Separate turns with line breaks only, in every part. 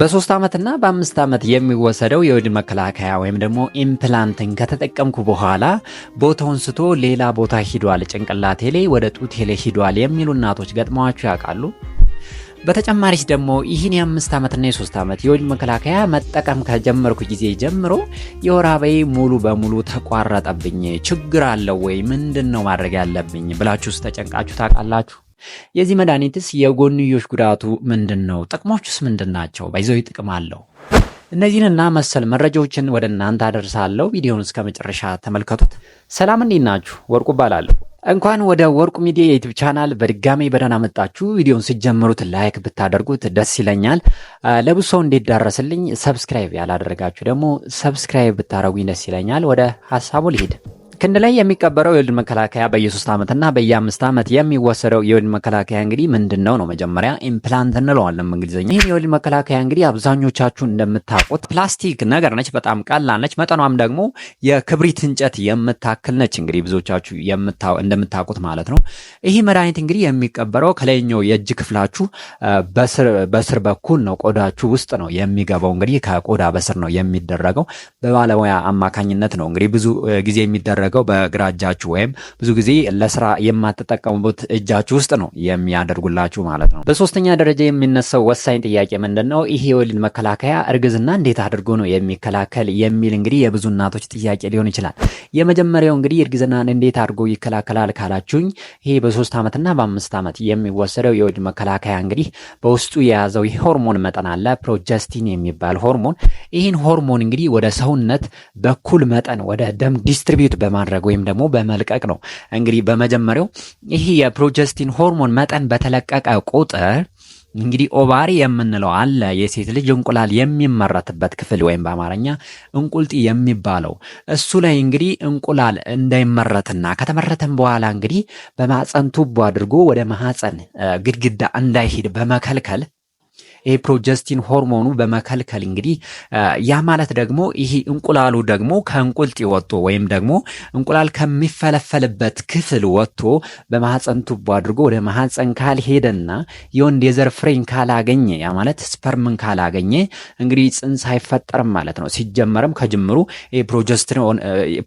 በሶስት ዓመትና በአምስት ዓመት የሚወሰደው የወድ መከላከያ ወይም ደግሞ ኢምፕላንትን ከተጠቀምኩ በኋላ ቦታውን ስቶ ሌላ ቦታ ሂዷል፣ ጭንቅላቴ ላይ ወደ ጡቴ ላይ ሂዷል የሚሉ እናቶች ገጥመዋችሁ ያውቃሉ? በተጨማሪች ደግሞ ይህን የአምስት ዓመትና የሶስት ዓመት የወሊድ መከላከያ መጠቀም ከጀመርኩ ጊዜ ጀምሮ የወር አበባዬ ሙሉ በሙሉ ተቋረጠብኝ፣ ችግር አለው ወይ? ምንድን ነው ማድረግ ያለብኝ ብላችሁስ ተጨንቃችሁ ታውቃላችሁ? የዚህ መድኃኒትስ የጎንዮሽ ጉዳቱ ምንድን ነው? ጥቅሞቹስ ምንድን ናቸው? በይዘው ጥቅም አለው። እነዚህንና መሰል መረጃዎችን ወደ እናንተ አደርሳለሁ። ቪዲዮውን እስከ መጨረሻ ተመልከቱት። ሰላም፣ እንዴት ናችሁ? ወርቁ እባላለሁ። እንኳን ወደ ወርቁ ሚዲያ የዩቲዩብ ቻናል በድጋሜ በደህና መጣችሁ። ቪዲዮን ሲጀምሩት ላይክ ብታደርጉት ደስ ይለኛል። ለብዙ ሰው እንዲዳረስልኝ ሰብስክራይብ ያላደረጋችሁ ደግሞ ሰብስክራይብ ብታደረጉኝ ደስ ይለኛል። ወደ ሀሳቡ ልሂድ። ክንድ ላይ የሚቀበረው የወሊድ መከላከያ በየሶስት ዓመትና በየአምስት ዓመት የሚወሰደው የወሊድ መከላከያ እንግዲህ ምንድን ነው ነው? መጀመሪያ ኢምፕላንት እንለዋለን በእንግሊዝኛ። ይህን የወሊድ መከላከያ እንግዲህ አብዛኞቻችሁ እንደምታውቁት ፕላስቲክ ነገር ነች፣ በጣም ቀላል ነች። መጠኗም ደግሞ የክብሪት እንጨት የምታክል ነች። እንግዲህ ብዙዎቻችሁ እንደምታውቁት ማለት ነው። ይህ መድኃኒት እንግዲህ የሚቀበረው ከላይኛው የእጅ ክፍላችሁ በስር በኩል ነው፣ ቆዳችሁ ውስጥ ነው የሚገባው። እንግዲህ ከቆዳ በስር ነው የሚደረገው። በባለሙያ አማካኝነት ነው እንግዲህ ብዙ ጊዜ የሚደረ የሚደረገው በግራ እጃችሁ ወይም ብዙ ጊዜ ለስራ የማትጠቀሙት እጃችሁ ውስጥ ነው የሚያደርጉላችሁ ማለት ነው። በሶስተኛ ደረጃ የሚነሳው ወሳኝ ጥያቄ ምንድን ነው? ይህ የወሊድ መከላከያ እርግዝና እንዴት አድርጎ ነው የሚከላከል የሚል እንግዲህ የብዙ እናቶች ጥያቄ ሊሆን ይችላል። የመጀመሪያው እንግዲህ እርግዝናን እንዴት አድርጎ ይከላከላል ካላችሁኝ ይሄ በሶስት ዓመትና በአምስት ዓመት የሚወሰደው የወሊድ መከላከያ እንግዲህ በውስጡ የያዘው ሆርሞን መጠን አለ፣ ፕሮጀስቲን የሚባል ሆርሞን። ይህን ሆርሞን እንግዲህ ወደ ሰውነት በኩል መጠን ወደ ደም ዲስትሪቢዩት በማድረግ ወይም ደግሞ በመልቀቅ ነው። እንግዲህ በመጀመሪያው ይህ የፕሮጀስቲን ሆርሞን መጠን በተለቀቀ ቁጥር እንግዲህ ኦቫሪ የምንለው አለ የሴት ልጅ እንቁላል የሚመረትበት ክፍል ወይም በአማርኛ እንቁልጢ የሚባለው እሱ ላይ እንግዲህ እንቁላል እንዳይመረትና ከተመረተም በኋላ እንግዲህ በማህፀን ቱቦ አድርጎ ወደ ማህፀን ግድግዳ እንዳይሄድ በመከልከል ይሄ ፕሮጀስቲን ሆርሞኑ በመከልከል እንግዲህ ያ ማለት ደግሞ ይሄ እንቁላሉ ደግሞ ከእንቁልጥ ወጥቶ ወይም ደግሞ እንቁላል ከሚፈለፈልበት ክፍል ወጥቶ በማህፀን ቱቦ አድርጎ ወደ ማህፀን ካልሄደና የወንድ የዘር ፍሬን ካላገኘ ያ ማለት ስፐርምን ካላገኘ እንግዲህ ጽንስ አይፈጠርም ማለት ነው። ሲጀመርም ከጅምሩ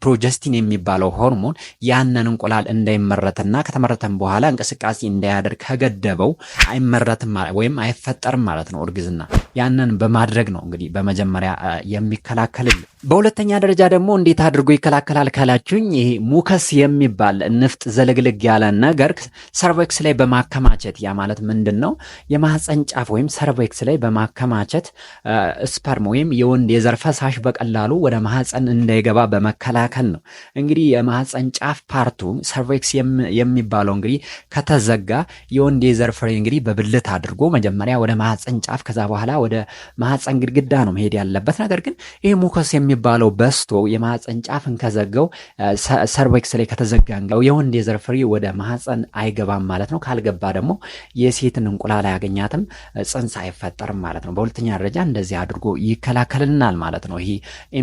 ፕሮጀስቲን የሚባለው ሆርሞን ያንን እንቁላል እንዳይመረትና ከተመረተም በኋላ እንቅስቃሴ እንዳያደርግ ከገደበው አይመረትም ወይም አይፈጠርም ማለት ነው። ማለት ነው እርግዝና። ያንን በማድረግ ነው እንግዲህ በመጀመሪያ የሚከላከልልን በሁለተኛ ደረጃ ደግሞ እንዴት አድርጎ ይከላከላል ካላችሁኝ፣ ይሄ ሙከስ የሚባል ንፍጥ ዘለግልግ ያለ ነገር ሰርቬክስ ላይ በማከማቸት ያ ማለት ምንድን ነው? የማህፀን ጫፍ ወይም ሰርቬክስ ላይ በማከማቸት ስፐርም ወይም የወንድ የዘር ፈሳሽ በቀላሉ ወደ ማህፀን እንዳይገባ በመከላከል ነው። እንግዲህ የማህፀን ጫፍ ፓርቱ ሰርቬክስ የሚባለው እንግዲህ ከተዘጋ የወንድ የዘር ፍሬ እንግዲህ በብልት አድርጎ መጀመሪያ ወደ ማህፀን ጫፍ ከዛ በኋላ ወደ ማህፀን ግድግዳ ነው መሄድ ያለበት። ነገር ግን ይሄ ሙከስ የሚ የሚባለው በስቶ የማህፀን ጫፍን ከዘጋው ሰርቬክስ ላይ ከተዘጋ የወንድ የዘር ፍሬ ወደ ማህፀን አይገባም ማለት ነው። ካልገባ ደግሞ የሴትን እንቁላል አያገኛትም፣ ጽንስ አይፈጠርም ማለት ነው። በሁለተኛ ደረጃ እንደዚህ አድርጎ ይከላከልናል ማለት ነው። ይሄ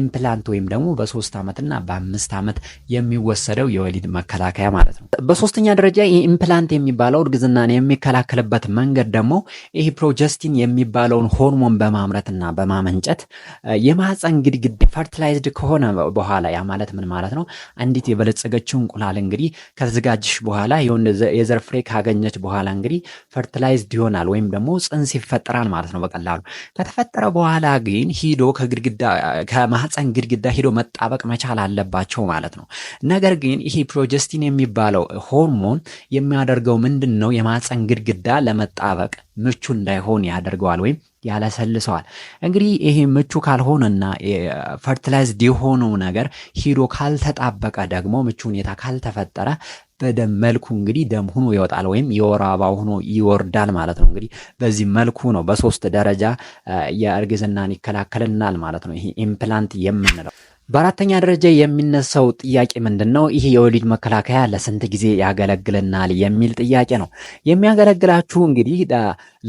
ኢምፕላንት ወይም ደግሞ በሶስት ዓመትና በአምስት ዓመት የሚወሰደው የወሊድ መከላከያ ማለት ነው። በሶስተኛ ደረጃ ኢምፕላንት የሚባለው እርግዝናን የሚከላከልበት መንገድ ደግሞ ይህ ፕሮጀስቲን የሚባለውን ሆርሞን በማምረትና በማመንጨት የማህፀን ግድግዳ ፈርቲላይዝድ ከሆነ በኋላ ያ ማለት ምን ማለት ነው? አንዲት የበለጸገችው እንቁላል እንግዲህ ከተዘጋጀች በኋላ የዘር ፍሬ ካገኘች በኋላ እንግዲህ ፈርቲላይዝድ ይሆናል ወይም ደግሞ ጽንስ ይፈጠራል ማለት ነው በቀላሉ። ከተፈጠረ በኋላ ግን ሂዶ ከግድግዳ ከማህፀን ግድግዳ ሂዶ መጣበቅ መቻል አለባቸው ማለት ነው። ነገር ግን ይሄ ፕሮጀስቲን የሚባለው ሆርሞን የሚያደርገው ምንድን ነው? የማህፀን ግድግዳ ለመጣበቅ ምቹ እንዳይሆን ያደርገዋል ወይም ያለሰልሰዋል። እንግዲህ ይሄ ምቹ ካልሆነና ፈርቲላይዝድ የሆነው ነገር ሂዶ ካልተጣበቀ ደግሞ ምቹ ሁኔታ ካልተፈጠረ በደም መልኩ እንግዲህ ደም ሆኖ ይወጣል ወይም የወር አበባ ሆኖ ይወርዳል ማለት ነው። እንግዲህ በዚህ መልኩ ነው በሶስት ደረጃ የእርግዝናን ይከላከልናል ማለት ነው ይሄ ኢምፕላንት የምንለው በአራተኛ ደረጃ የሚነሳው ጥያቄ ምንድን ነው? ይህ የወሊድ መከላከያ ለስንት ጊዜ ያገለግልናል የሚል ጥያቄ ነው። የሚያገለግላችሁ እንግዲህ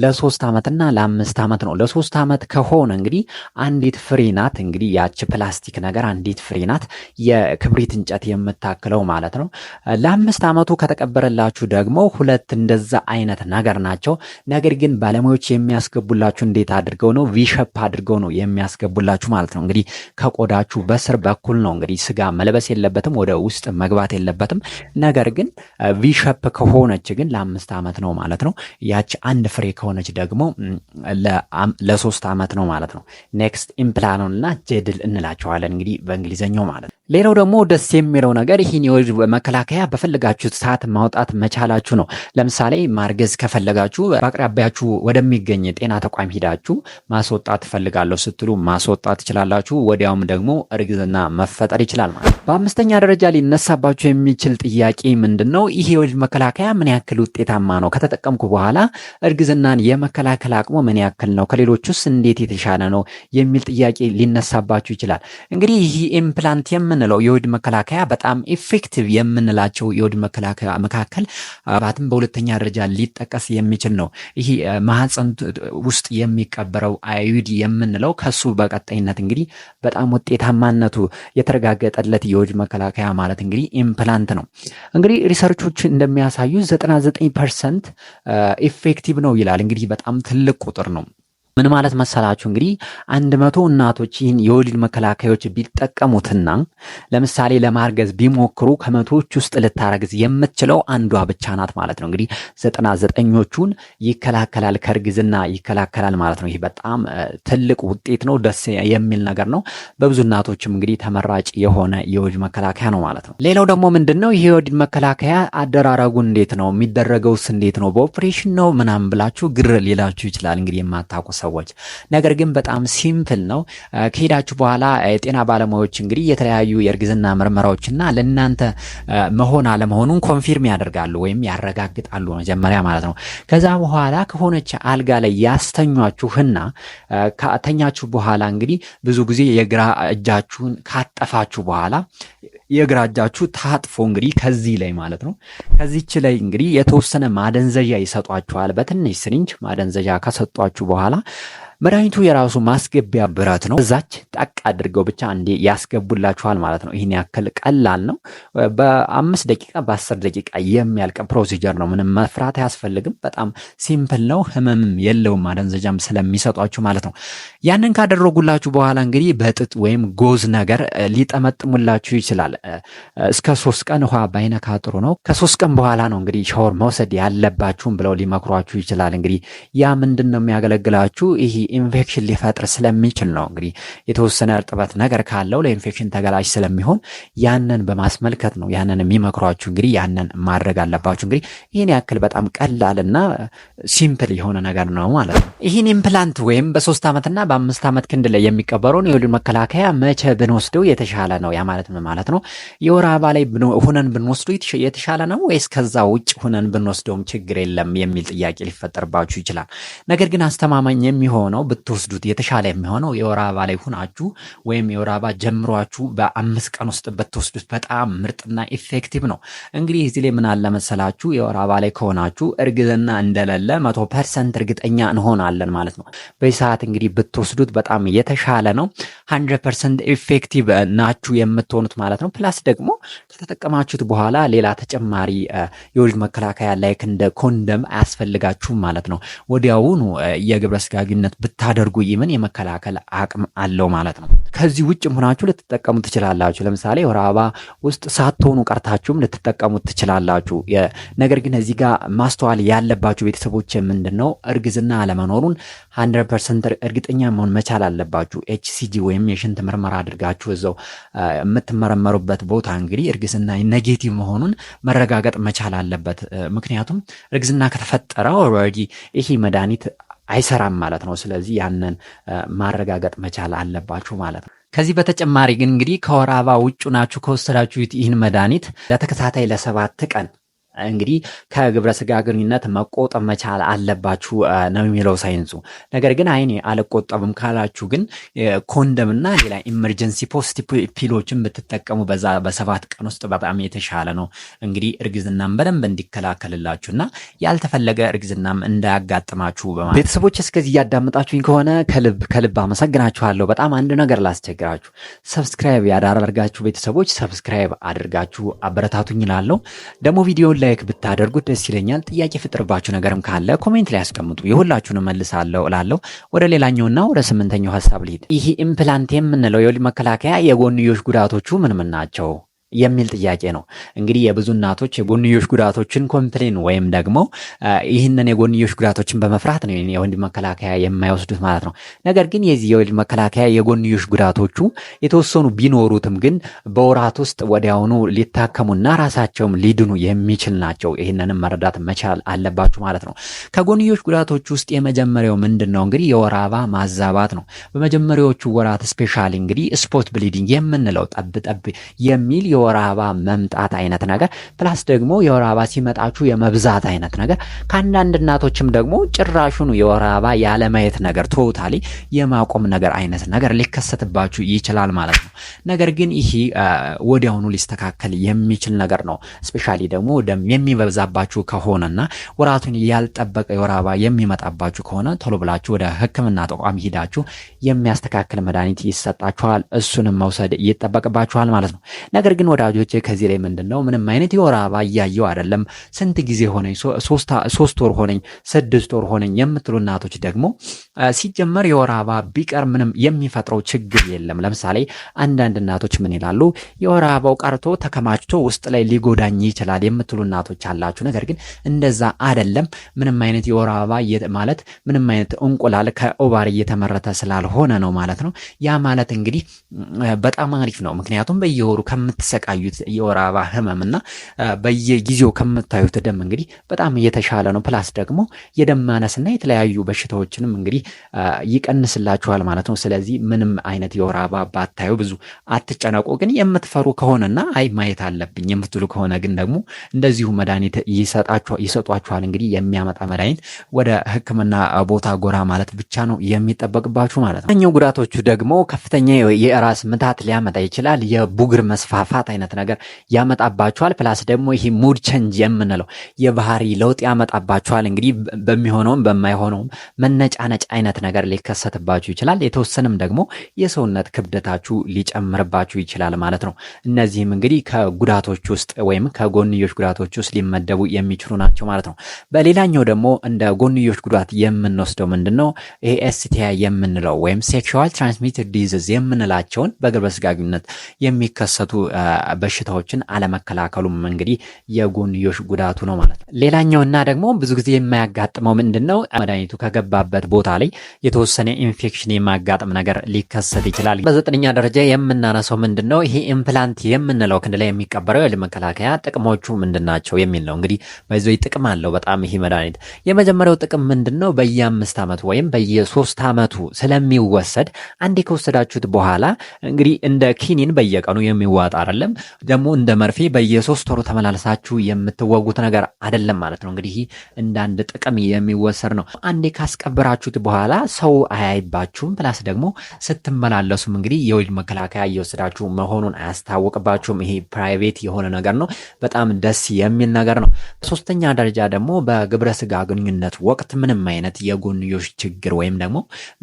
ለሶስት ዓመትና ለአምስት ዓመት ነው። ለሶስት ዓመት ከሆነ እንግዲህ አንዲት ፍሬ ናት። እንግዲህ ያች ፕላስቲክ ነገር አንዲት ፍሬ ናት፣ የክብሪት እንጨት የምታክለው ማለት ነው። ለአምስት ዓመቱ ከተቀበረላችሁ ደግሞ ሁለት እንደዛ አይነት ነገር ናቸው። ነገር ግን ባለሙያዎች የሚያስገቡላችሁ እንዴት አድርገው ነው? ቪሸፕ አድርገው ነው የሚያስገቡላችሁ ማለት ነው። እንግዲህ ከቆዳችሁ በስ በስር በኩል ነው እንግዲህ ስጋ መልበስ የለበትም፣ ወደ ውስጥ መግባት የለበትም። ነገር ግን ቪሸፕ ከሆነች ግን ለአምስት ዓመት ነው ማለት ነው። ያች አንድ ፍሬ ከሆነች ደግሞ ለሶስት ዓመት ነው ማለት ነው። ኔክስት ኢምፕላኖን እና ጀድል እንላቸዋለን እንግዲህ በእንግሊዘኛው ማለት ነው። ሌላው ደግሞ ደስ የሚለው ነገር ይህን የወሊድ መከላከያ በፈለጋችሁት ሰዓት ማውጣት መቻላችሁ ነው። ለምሳሌ ማርገዝ ከፈለጋችሁ በአቅራቢያችሁ ወደሚገኝ ጤና ተቋም ሂዳችሁ ማስወጣት ትፈልጋለሁ ስትሉ ማስወጣት ትችላላችሁ። ወዲያውም ደግሞ እርግዝና መፈጠር ይችላል ማለት። በአምስተኛ ደረጃ ሊነሳባችሁ የሚችል ጥያቄ ምንድን ነው? ይህ የወሊድ መከላከያ ምን ያክል ውጤታማ ነው? ከተጠቀምኩ በኋላ እርግዝናን የመከላከል አቅሙ ምን ያክል ነው? ከሌሎቹስ እንዴት የተሻለ ነው? የሚል ጥያቄ ሊነሳባችሁ ይችላል። እንግዲህ ይህ ኢምፕላንት የምንለው የወሊድ መከላከያ በጣም ኢፌክቲቭ የምንላቸው የወሊድ መከላከያ መካከል ባትም በሁለተኛ ደረጃ ሊጠቀስ የሚችል ነው። ይህ ማህፀን ውስጥ የሚቀበረው አዩድ የምንለው ከሱ በቀጣይነት እንግዲህ በጣም ውጤታማነቱ የተረጋገጠለት የወሊድ መከላከያ ማለት እንግዲህ ኢምፕላንት ነው። እንግዲህ ሪሰርቾች እንደሚያሳዩ 99 ፐርሰንት ኢፌክቲቭ ነው ይላል። እንግዲህ በጣም ትልቅ ቁጥር ነው። ምን ማለት መሰላችሁ እንግዲህ አንድ መቶ እናቶች ይህን የወሊድ መከላከያዎች ቢጠቀሙትና ለምሳሌ ለማርገዝ ቢሞክሩ ከመቶዎች ውስጥ ልታረግዝ የምትችለው አንዷ ብቻ ናት ማለት ነው። እንግዲህ ዘጠና ዘጠኞቹን ይከላከላል፣ ከእርግዝና ይከላከላል ማለት ነው። ይህ በጣም ትልቅ ውጤት ነው፣ ደስ የሚል ነገር ነው። በብዙ እናቶችም እንግዲህ ተመራጭ የሆነ የወሊድ መከላከያ ነው ማለት ነው። ሌላው ደግሞ ምንድን ነው ይህ የወሊድ መከላከያ አደራረጉ እንዴት ነው የሚደረገውስ እንዴት ነው በኦፕሬሽን ነው ምናምን ብላችሁ ግር ሊላችሁ ይችላል እንግዲህ የማታውቁ ሰዎች። ነገር ግን በጣም ሲምፕል ነው። ከሄዳችሁ በኋላ የጤና ባለሙያዎች እንግዲህ የተለያዩ የእርግዝና ምርመራዎችና ለእናንተ መሆን አለመሆኑን ኮንፊርም ያደርጋሉ ወይም ያረጋግጣሉ መጀመሪያ ማለት ነው። ከዛ በኋላ ከሆነች አልጋ ላይ ያስተኟችሁና ከተኛችሁ በኋላ እንግዲህ ብዙ ጊዜ የግራ እጃችሁን ካጠፋችሁ በኋላ የግራ እጃችሁ ታጥፎ እንግዲህ ከዚህ ላይ ማለት ነው ከዚች ላይ እንግዲህ የተወሰነ ማደንዘዣ ይሰጧችኋል። በትንሽ ስሪንጅ ማደንዘዣ ከሰጧችሁ በኋላ መድኃኒቱ የራሱ ማስገቢያ ብረት ነው። እዛች ጣቅ አድርገው ብቻ እንዴ ያስገቡላችኋል ማለት ነው። ይህን ያክል ቀላል ነው። በአምስት ደቂቃ በአስር ደቂቃ የሚያልቅ ፕሮሲጀር ነው። ምንም መፍራት አያስፈልግም። በጣም ሲምፕል ነው። ህመምም የለውም ማደንዘጃም ስለሚሰጧችሁ ማለት ነው። ያንን ካደረጉላችሁ በኋላ እንግዲህ በጥጥ ወይም ጎዝ ነገር ሊጠመጥሙላችሁ ይችላል። እስከ ሶስት ቀን ውሃ ባይነካ ጥሩ ነው። ከሶስት ቀን በኋላ ነው እንግዲህ ሻወር መውሰድ ያለባችሁም ብለው ሊመክሯችሁ ይችላል። እንግዲህ ያ ምንድን ነው የሚያገለግላችሁ ይህ ኢንፌክሽን ሊፈጥር ስለሚችል ነው። እንግዲህ የተወሰነ እርጥበት ነገር ካለው ለኢንፌክሽን ተገላጭ ስለሚሆን ያንን በማስመልከት ነው ያንን የሚመክሯችሁ። እንግዲህ ያንን ማድረግ አለባችሁ። እንግዲህ ይህን ያክል በጣም ቀላልና ሲምፕል የሆነ ነገር ነው ማለት ነው። ይህን ኢምፕላንት ወይም በሶስት ዓመትና በአምስት ዓመት ክንድ ላይ የሚቀበረውን የወሊድ መከላከያ መቼ ብንወስደው የተሻለ ነው? ያ ማለት ምን ማለት ነው? የወር አበባ ላይ ሁነን ብንወስዱ የተሻለ ነው ወይስ ከዛ ውጭ ሁነን ብንወስደውም ችግር የለም የሚል ጥያቄ ሊፈጠርባችሁ ይችላል። ነገር ግን አስተማማኝ የሚሆነው ነው ብትወስዱት የተሻለ የሚሆነው የወር አበባ ላይ ሁናችሁ ወይም የወር አበባ ጀምሯችሁ በአምስት ቀን ውስጥ ብትወስዱት በጣም ምርጥና ኢፌክቲቭ ነው። እንግዲህ እዚህ ላይ ምን አለ መሰላችሁ የወር አበባ ላይ ከሆናችሁ እርግዝና እንደሌለ መቶ ፐርሰንት እርግጠኛ እንሆናለን ማለት ነው። በዚህ ሰዓት እንግዲህ ብትወስዱት በጣም የተሻለ ነው። ሀንድረድ ፐርሰንት ኢፌክቲቭ ናችሁ የምትሆኑት ማለት ነው። ፕላስ ደግሞ ከተጠቀማችሁት በኋላ ሌላ ተጨማሪ የወሊድ መከላከያ ላይክ እንደ ኮንደም አያስፈልጋችሁም ማለት ነው። ወዲያውኑ የግብረ ስጋ ግንኙነት ብታደርጉ ይምን የመከላከል አቅም አለው ማለት ነው። ከዚህ ውጭ ሆናችሁ ልትጠቀሙ ትችላላችሁ። ለምሳሌ የወር አበባ ውስጥ ሳትሆኑ ቀርታችሁም ልትጠቀሙ ትችላላችሁ። ነገር ግን እዚህ ጋር ማስተዋል ያለባችሁ ቤተሰቦች ምንድን ነው እርግዝና አለመኖሩን 100 ፐርሰንት እርግጠኛ መሆን መቻል አለባችሁ። ኤችሲጂ ወይም የሽንት ምርመራ አድርጋችሁ እዛው የምትመረመሩበት ቦታ እንግዲህ እርግዝና ኔጌቲቭ መሆኑን መረጋገጥ መቻል አለበት። ምክንያቱም እርግዝና ከተፈጠረ ኦልሬዲ ይሄ መድኃኒት አይሰራም ማለት ነው። ስለዚህ ያንን ማረጋገጥ መቻል አለባችሁ ማለት ነው። ከዚህ በተጨማሪ ግን እንግዲህ ከወር አበባ ውጭ ናችሁ ከወሰዳችሁት ይህን መድኃኒት ለተከታታይ ለሰባት ቀን እንግዲህ ከግብረ ስጋ ግንኙነት መቆጠብ መቻል አለባችሁ ነው የሚለው ሳይንሱ። ነገር ግን አይኔ አልቆጠብም ካላችሁ ግን ኮንደምና ሌላ ኢመርጀንሲ ፖስት ፒሎችን ብትጠቀሙ በዛ በሰባት ቀን ውስጥ በጣም የተሻለ ነው። እንግዲህ እርግዝናም በደንብ እንዲከላከልላችሁ እና ያልተፈለገ እርግዝናም እንዳያጋጥማችሁ በማለት ቤተሰቦች፣ እስከዚህ እያዳመጣችሁኝ ከሆነ ከልብ ከልብ አመሰግናችኋለሁ። በጣም አንድ ነገር ላስቸግራችሁ፣ ሰብስክራይብ ያዳረጋችሁ ቤተሰቦች ሰብስክራይብ አድርጋችሁ አበረታቱኝ እላለሁ ደግሞ ቪዲዮን ላይክ ብታደርጉት ደስ ይለኛል። ጥያቄ ፍጥርባችሁ ነገርም ካለ ኮሜንት ላይ ያስቀምጡ። የሁላችሁንም መልሳለሁ እላለሁ። ወደ ሌላኛውና ወደ ስምንተኛው ሀሳብ ልሂድ። ይህ ኢምፕላንት የምንለው የወሊድ መከላከያ የጎንዮሽ ጉዳቶቹ ምን ምን ናቸው? የሚል ጥያቄ ነው። እንግዲህ የብዙ እናቶች የጎንዮሽ ጉዳቶችን ኮምፕሌን ወይም ደግሞ ይህንን የጎንዮሽ ጉዳቶችን በመፍራት ነው የወሊድ መከላከያ የማይወስዱት ማለት ነው። ነገር ግን የዚህ የወሊድ መከላከያ የጎንዮሽ ጉዳቶቹ የተወሰኑ ቢኖሩትም ግን በወራት ውስጥ ወዲያውኑ ሊታከሙና ራሳቸውም ሊድኑ የሚችል ናቸው። ይህንንም መረዳት መቻል አለባችሁ ማለት ነው። ከጎንዮሽ ጉዳቶች ውስጥ የመጀመሪያው ምንድን ነው? እንግዲህ የወር አበባ ማዛባት ነው። በመጀመሪያዎቹ ወራት ስፔሻሊ እንግዲህ ስፖት ብሊዲንግ የምንለው ጠብ ጠብ የሚል የወር አበባ መምጣት አይነት ነገር ፕላስ ደግሞ የወር አበባ ሲመጣችሁ የመብዛት አይነት ነገር ከአንዳንድ እናቶችም ደግሞ ጭራሹን የወር አበባ ያለማየት ነገር ቶታሊ የማቆም ነገር አይነት ነገር ሊከሰትባችሁ ይችላል ማለት ነው። ነገር ግን ይህ ወዲያውኑ ሊስተካከል የሚችል ነገር ነው። ስፔሻሊ ደግሞ ደም የሚበዛባችሁ ከሆነና ወራቱን ያልጠበቀ የወር አበባ የሚመጣባችሁ ከሆነ ቶሎ ብላችሁ ወደ ሕክምና ተቋም ሂዳችሁ የሚያስተካክል መድኃኒት ይሰጣችኋል። እሱንም መውሰድ ይጠበቅባችኋል ማለት ነው። ነገር ግን ግን ወዳጆቼ ከዚህ ላይ ምንድን ነው ምንም አይነት የወር አበባ እያየው አይደለም። ስንት ጊዜ ሆነኝ፣ ሶስት ወር ሆነኝ፣ ስድስት ወር ሆነኝ የምትሉ እናቶች ደግሞ ሲጀመር የወር አበባ ቢቀር ምንም የሚፈጥረው ችግር የለም። ለምሳሌ አንዳንድ እናቶች ምን ይላሉ፣ የወር አበባው ቀርቶ ተከማችቶ ውስጥ ላይ ሊጎዳኝ ይችላል የምትሉ እናቶች አላችሁ። ነገር ግን እንደዛ አይደለም። ምንም አይነት የወር አበባ ማለት ምንም አይነት እንቁላል ከኦቫሪ እየተመረተ ስላልሆነ ነው ማለት ነው። ያ ማለት እንግዲህ በጣም አሪፍ ነው። ምክንያቱም በየወሩ ከምትሰ የሚሰቃዩት የወር አበባ ህመምና በየጊዜው ከምታዩት ደም እንግዲህ በጣም የተሻለ ነው። ፕላስ ደግሞ የደም ማነስና የተለያዩ በሽታዎችንም እንግዲህ ይቀንስላችኋል ማለት ነው። ስለዚህ ምንም አይነት የወር አበባ ባታዩ ብዙ አትጨነቁ። ግን የምትፈሩ ከሆነና አይ ማየት አለብኝ የምትሉ ከሆነ ግን ደግሞ እንደዚሁ መድኃኒት ይሰጧችኋል። እንግዲህ የሚያመጣ መድኃኒት ወደ ህክምና ቦታ ጎራ ማለት ብቻ ነው የሚጠበቅባችሁ ማለት ነው። ጉዳቶቹ ደግሞ ከፍተኛ የራስ ምታት ሊያመጣ ይችላል። የቡግር መስፋፋት የመጥፋት አይነት ነገር ያመጣባችኋል። ፕላስ ደግሞ ይህ ሙድ ቸንጅ የምንለው የባህሪ ለውጥ ያመጣባችኋል። እንግዲህ በሚሆነውም በማይሆነውም መነጫነጭ አይነት ነገር ሊከሰትባችሁ ይችላል። የተወሰንም ደግሞ የሰውነት ክብደታችሁ ሊጨምርባችሁ ይችላል ማለት ነው። እነዚህም እንግዲህ ከጉዳቶች ውስጥ ወይም ከጎንዮሽ ጉዳቶች ውስጥ ሊመደቡ የሚችሉ ናቸው ማለት ነው። በሌላኛው ደግሞ እንደ ጎንዮሽ ጉዳት የምንወስደው ምንድን ነው? ኤስቲአይ የምንለው ወይም ሴክሹዋል ትራንስሚትድ ዲዝዝ የምንላቸውን በግብረ ስጋ ግንኙነት የሚከሰቱ በሽታዎችን አለመከላከሉም እንግዲህ የጎንዮሽ ጉዳቱ ነው ማለት ነው። ሌላኛውና ደግሞ ብዙ ጊዜ የማያጋጥመው ምንድን ነው? መድኃኒቱ ከገባበት ቦታ ላይ የተወሰነ ኢንፌክሽን የማያጋጥም ነገር ሊከሰት ይችላል። በዘጠነኛ ደረጃ የምናነሳው ምንድን ነው? ይሄ ኢምፕላንት የምንለው ክንድ ላይ የሚቀበረው የመከላከያ ጥቅሞቹ ምንድን ናቸው የሚል ነው። እንግዲህ በዚ ጥቅም አለው በጣም ይሄ መድኃኒት። የመጀመሪያው ጥቅም ምንድን ነው? በየአምስት ዓመቱ ወይም በየሶስት ዓመቱ ስለሚወሰድ አንዴ ከወሰዳችሁት በኋላ እንግዲህ እንደ ኪኒን በየቀኑ የሚዋጣ አይደለ አይደለም። ደግሞ እንደ መርፌ በየሶስት ወሩ ተመላልሳችሁ የምትወጉት ነገር አይደለም ማለት ነው። እንግዲህ እንደ አንድ ጥቅም የሚወሰድ ነው። አንዴ ካስቀብራችሁት በኋላ ሰው አያይባችሁም። ፕላስ ደግሞ ስትመላለሱም እንግዲህ የወሊድ መከላከያ እየወሰዳችሁ መሆኑን አያስታወቅባችሁም። ይሄ ፕራይቬት የሆነ ነገር ነው። በጣም ደስ የሚል ነገር ነው። ሶስተኛ ደረጃ ደግሞ በግብረ ስጋ ግንኙነት ወቅት ምንም አይነት የጎንዮሽ ችግር ወይም ደግሞ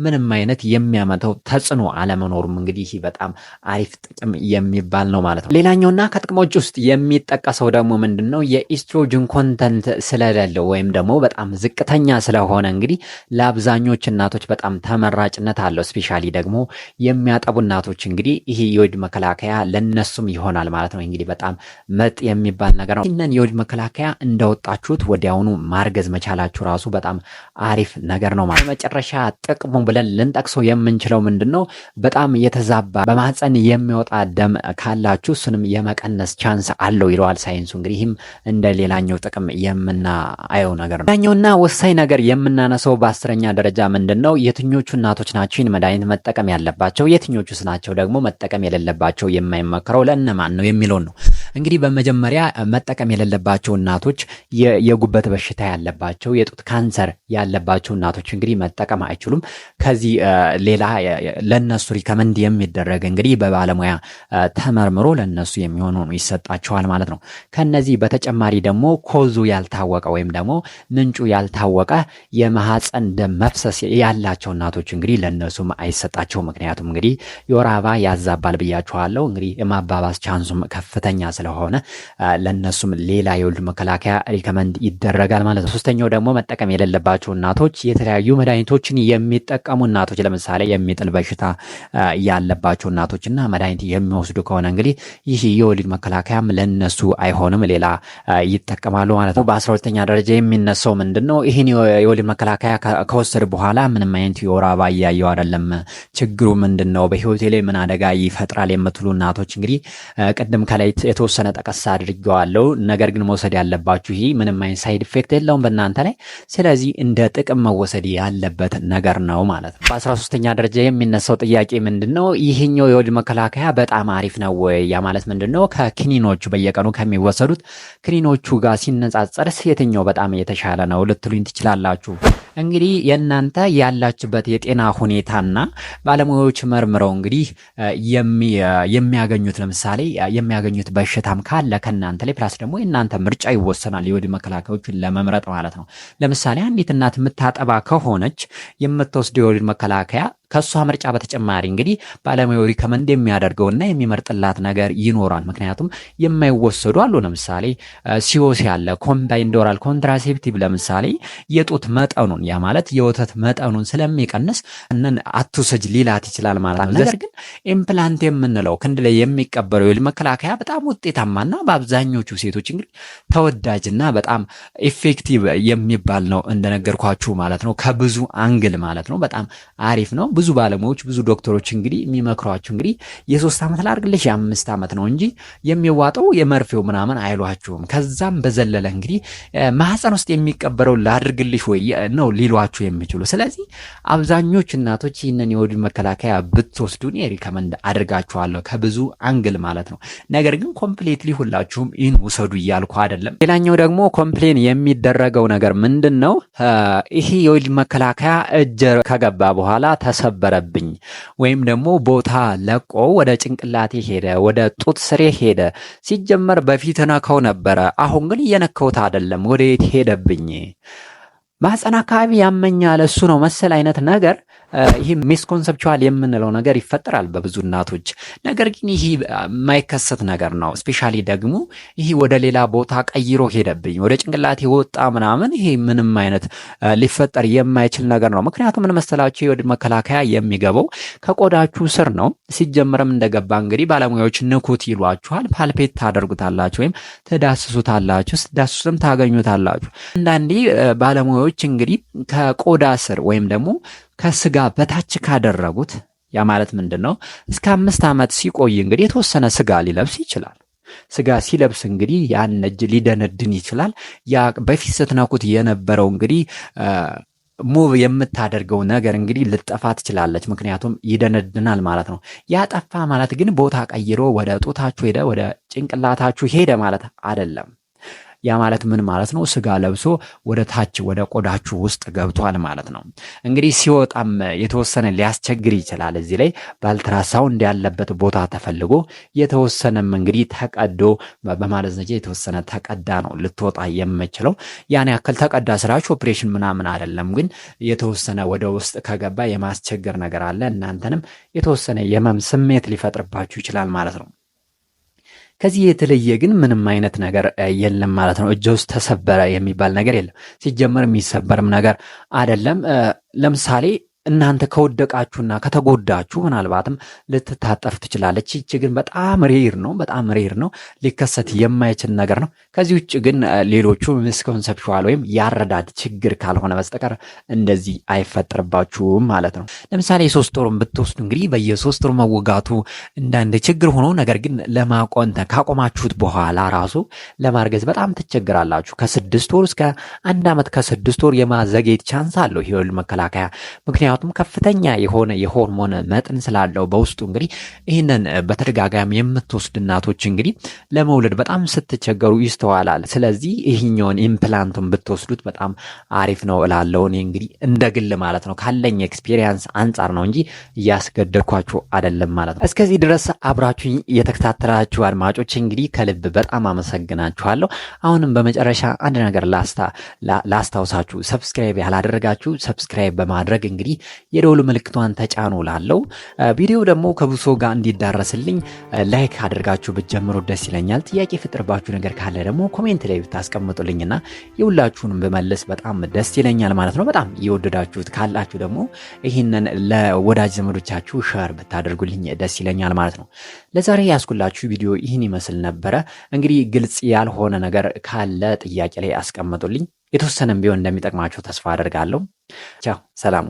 ምንም አይነት የሚያመተው ተጽዕኖ አለመኖሩም እንግዲህ በጣም አሪፍ ጥቅም የሚባል ነው ማለት ነው። ሌላኛውና ከጥቅሞች ውስጥ የሚጠቀሰው ደግሞ ምንድን ነው? የኢስትሮጅን ኮንተንት ስለሌለው ወይም ደግሞ በጣም ዝቅተኛ ስለሆነ እንግዲህ ለአብዛኞች እናቶች በጣም ተመራጭነት አለው። ስፔሻሊ ደግሞ የሚያጠቡ እናቶች እንግዲህ ይህ የወድ መከላከያ ለነሱም ይሆናል ማለት ነው። እንግዲህ በጣም መጥ የሚባል ነገር ነው። ይህንን የወድ መከላከያ እንዳወጣችሁት ወዲያውኑ ማርገዝ መቻላችሁ ራሱ በጣም አሪፍ ነገር ነው ማለት። መጨረሻ ጥቅሙ ብለን ልንጠቅሰው የምንችለው ምንድን ነው? በጣም የተዛባ በማህፀን የሚወጣ ደም ካላችሁ እሱንም የመቀነስ ቻንስ አለው ይለዋል ሳይንሱ። እንግዲህ ይህም እንደ ሌላኛው ጥቅም የምናየው ነገር ነው። ዳኛውና ወሳኝ ነገር የምናነሰው በአስረኛ ደረጃ ምንድን ነው? የትኞቹ እናቶች ናቸው ይህን መድኃኒት መጠቀም ያለባቸው፣ የትኞቹስ ናቸው ደግሞ መጠቀም የሌለባቸው፣ የማይመከረው ለእነማን ነው የሚለውን ነው። እንግዲህ በመጀመሪያ መጠቀም የሌለባቸው እናቶች የጉበት በሽታ ያለባቸው፣ የጡት ካንሰር ያለባቸው እናቶች እንግዲህ መጠቀም አይችሉም። ከዚህ ሌላ ለእነሱ ሪከመንድ የሚደረግ እንግዲህ በባለሙያ ተመርምሮ ለነሱ የሚሆኑ ይሰጣቸዋል ማለት ነው። ከነዚህ በተጨማሪ ደግሞ ኮዙ ያልታወቀ ወይም ደግሞ ምንጩ ያልታወቀ የማህፀን ደም መፍሰስ ያላቸው እናቶች እንግዲህ ለነሱም አይሰጣቸው። ምክንያቱም እንግዲህ የወር አበባ ያዛባል ብያችኋለሁ። እንግዲህ የማባባስ ቻንሱም ከፍተኛ ስለሆነ ለነሱም ሌላ የወሊድ መከላከያ ሪከመንድ ይደረጋል ማለት ነው። ሶስተኛው ደግሞ መጠቀም የሌለባቸው እናቶች የተለያዩ መድኃኒቶችን የሚጠቀሙ እናቶች ለምሳሌ የሚጥል በሽታ ያለባቸው እናቶች እና መድኃኒት የሚወስዱ ከሆነ እንግዲህ ይህ የወሊድ መከላከያም ለነሱ አይሆንም፣ ሌላ ይጠቀማሉ ማለት ነው። በአስራ ሁለተኛ ደረጃ የሚነሳው ምንድን ነው? ይህን የወሊድ መከላከያ ከወሰድ በኋላ ምንም አይነት የወር አበባ እያየው አይደለም። ችግሩ ምንድን ነው? በህይወቴ ላይ ምን አደጋ ይፈጥራል የምትሉ እናቶች እንግዲህ ቅድም ከላይ የተወሰነ ጠቀስ አድርጌዋለሁ። ነገር ግን መውሰድ ያለባችሁ ይህ ምንም አይነት ሳይድ ኢፌክት የለውም በእናንተ ላይ። ስለዚህ እንደ ጥቅም መወሰድ ያለበት ነገር ነው ማለት ነው። በአስራ ሶስተኛ ደረጃ የሚነሳው ጥያቄ ምንድን ነው? ይህኛው የወሊድ መከላከያ በጣም አሪፍ ነው ወይ ማለት ምንድን ነው? ከክኒኖቹ በየቀኑ ከሚወሰዱት ክኒኖቹ ጋር ሲነጻጸር የትኛው በጣም የተሻለ ነው ልትሉኝ ትችላላችሁ። እንግዲህ የእናንተ ያላችበት የጤና ሁኔታና ባለሙያዎች መርምረው እንግዲህ የሚያገኙት ለምሳሌ የሚያገኙት በሽታም ካለ ከእናንተ ላይ ፕላስ ደግሞ የእናንተ ምርጫ ይወሰናል። የወሊድ መከላከያዎችን ለመምረጥ ማለት ነው። ለምሳሌ አንዲት እናት የምታጠባ ከሆነች የምትወስደው የወሊድ መከላከያ ከእሷ ምርጫ በተጨማሪ እንግዲህ ባለሙያው ሪከመንድ የሚያደርገውና የሚመርጥላት ነገር ይኖራል። ምክንያቱም የማይወሰዱ አሉ። ለምሳሌ ሲዮስ ያለ ኮምባይንድ ኦራል ኮንትራሴፕቲቭ ለምሳሌ የጡት መጠኑን ያ ማለት የወተት መጠኑን ስለሚቀንስ እነን አትውሰጅ ሊላት ይችላል ማለት ነው። ነገር ግን ኢምፕላንት የምንለው ክንድ ላይ የሚቀበለው መከላከያ በጣም ውጤታማና በአብዛኞቹ ሴቶች እንግዲህ ተወዳጅና በጣም ኢፌክቲቭ የሚባል ነው እንደነገርኳችሁ ማለት ነው። ከብዙ አንግል ማለት ነው። በጣም አሪፍ ነው። ብዙ ባለሙያዎች ብዙ ዶክተሮች እንግዲህ የሚመክሯችሁ እንግዲህ የሶስት ዓመት ላድርግልሽ የአምስት ዓመት ነው እንጂ የሚዋጠው የመርፌው ምናምን አይሏችሁም። ከዛም በዘለለ እንግዲህ ማህፀን ውስጥ የሚቀበረው ላድርግልሽ ወይ ነው ሊሏችሁ የሚችሉ። ስለዚህ አብዛኞች እናቶች ይህንን የወሊድ መከላከያ ብትወስዱ እኔ ሪከመንድ አድርጋችኋለሁ ከብዙ አንግል ማለት ነው። ነገር ግን ኮምፕሌትሊ ሁላችሁም ይህን ውሰዱ እያልኩ አይደለም። ሌላኛው ደግሞ ኮምፕሌን የሚደረገው ነገር ምንድን ነው? ይሄ የወሊድ መከላከያ እጅ ከገባ በኋላ ተሰ ነበረብኝ ወይም ደግሞ ቦታ ለቆ ወደ ጭንቅላቴ ሄደ፣ ወደ ጡት ስሬ ሄደ። ሲጀመር በፊት ነካው ነበረ፣ አሁን ግን እየነካውት አይደለም። ወደ የት ሄደብኝ? ማህፀን አካባቢ ያመኛል እሱ ነው መሰል አይነት ነገር ይህ ሚስኮንሰፕቹዋል የምንለው ነገር ይፈጠራል በብዙ እናቶች። ነገር ግን ይህ የማይከሰት ነገር ነው። ስፔሻሊ ደግሞ ይህ ወደ ሌላ ቦታ ቀይሮ ሄደብኝ ወደ ጭንቅላቴ ወጣ ምናምን፣ ይሄ ምንም አይነት ሊፈጠር የማይችል ነገር ነው። ምክንያቱም ምን መሰላችሁ፣ መከላከያ የሚገባው ከቆዳችሁ ስር ነው። ሲጀመርም እንደገባ እንግዲህ ባለሙያዎች ንኩት ይሏችኋል። ፓልፔት ታደርጉታላችሁ ወይም ትዳስሱታላችሁ። ስትዳስሱትም ታገኙታላችሁ። አንዳንዴ ባለሙያዎች እንግዲህ ከቆዳ ስር ወይም ደግሞ ከስጋ በታች ካደረጉት ያ ማለት ምንድን ነው? እስከ አምስት ዓመት ሲቆይ እንግዲህ የተወሰነ ስጋ ሊለብስ ይችላል። ስጋ ሲለብስ እንግዲህ ያን እጅ ሊደነድን ይችላል። ያ በፊት ስትነኩት የነበረው እንግዲህ ሙብ የምታደርገው ነገር እንግዲህ ልጠፋ ትችላለች። ምክንያቱም ይደነድናል ማለት ነው። ያጠፋ ማለት ግን ቦታ ቀይሮ ወደ ጡታችሁ ሄደ፣ ወደ ጭንቅላታችሁ ሄደ ማለት አይደለም። ያ ማለት ምን ማለት ነው? ስጋ ለብሶ ወደ ታች ወደ ቆዳችሁ ውስጥ ገብቷል ማለት ነው። እንግዲህ ሲወጣም የተወሰነ ሊያስቸግር ይችላል። እዚህ ላይ በአልትራሳውንድ ያለበት ቦታ ተፈልጎ የተወሰነም እንግዲህ ተቀዶ በማደንዘዣ የተወሰነ ተቀዳ ነው ልትወጣ የምችለው። ያን ያክል ተቀዳ ስራችሁ ኦፕሬሽን ምናምን አይደለም፣ ግን የተወሰነ ወደ ውስጥ ከገባ የማስቸገር ነገር አለ። እናንተንም የተወሰነ የመም ስሜት ሊፈጥርባችሁ ይችላል ማለት ነው። ከዚህ የተለየ ግን ምንም አይነት ነገር የለም ማለት ነው። እጅ ውስጥ ተሰበረ የሚባል ነገር የለም። ሲጀመር የሚሰበርም ነገር አይደለም። ለምሳሌ እናንተ ከወደቃችሁና ከተጎዳችሁ ምናልባትም ልትታጠፍ ትችላለች። ይቺ ግን በጣም ሬር ነው፣ በጣም ሬር ነው፣ ሊከሰት የማይችል ነገር ነው። ከዚህ ውጭ ግን ሌሎቹ ሚስኮንሰፕሽዋል ወይም ያረዳድ ችግር ካልሆነ በስተቀር እንደዚህ አይፈጥርባችሁም ማለት ነው። ለምሳሌ የሶስት ወሩን ብትወስዱ እንግዲህ በየሶስት ወሩ መወጋቱ እንዳንድ ችግር ሆኖ ነገር ግን ለማቆንተ ካቆማችሁት በኋላ ራሱ ለማርገዝ በጣም ትቸግራላችሁ። ከስድስት ወር እስከ አንድ ዓመት ከስድስት ወር የማዘግየት ቻንስ አለው የወሊድ መከላከያ ምክንያቱ ምክንያቱም ከፍተኛ የሆነ የሆርሞን መጠን ስላለው በውስጡ እንግዲህ ይህንን በተደጋጋሚ የምትወስድ እናቶች እንግዲህ ለመውለድ በጣም ስትቸገሩ ይስተዋላል። ስለዚህ ይህኛውን ኢምፕላንቱን ብትወስዱት በጣም አሪፍ ነው እላለው እኔ እንግዲህ እንደ ግል ማለት ነው ካለኝ ኤክስፔሪንስ አንጻር ነው እንጂ እያስገደድኳችሁ አይደለም ማለት ነው። እስከዚህ ድረስ አብራችሁኝ የተከታተላችሁ አድማጮች እንግዲህ ከልብ በጣም አመሰግናችኋለሁ። አሁንም በመጨረሻ አንድ ነገር ላስታውሳችሁ፣ ሰብስክራይብ ያላደረጋችሁ ሰብስክራይብ በማድረግ እንግዲህ የደውል ምልክቷን ተጫኑ ላለው ቪዲዮ ደግሞ ከብሶ ጋር እንዲዳረስልኝ ላይክ አድርጋችሁ ብትጀምሩ ደስ ይለኛል። ጥያቄ ፍጥርባችሁ ነገር ካለ ደግሞ ኮሜንት ላይ ብታስቀምጡልኝና የሁላችሁንም ብመልስ በጣም ደስ ይለኛል ማለት ነው። በጣም የወደዳችሁት ካላችሁ ደግሞ ይህንን ለወዳጅ ዘመዶቻችሁ ሸር ብታደርጉልኝ ደስ ይለኛል ማለት ነው። ለዛሬ ያስኩላችሁ ቪዲዮ ይህን ይመስል ነበረ። እንግዲህ ግልጽ ያልሆነ ነገር ካለ ጥያቄ ላይ አስቀምጡልኝ። የተወሰነም ቢሆን እንደሚጠቅማቸው ተስፋ አደርጋለሁ። ቻው፣ ሰላም።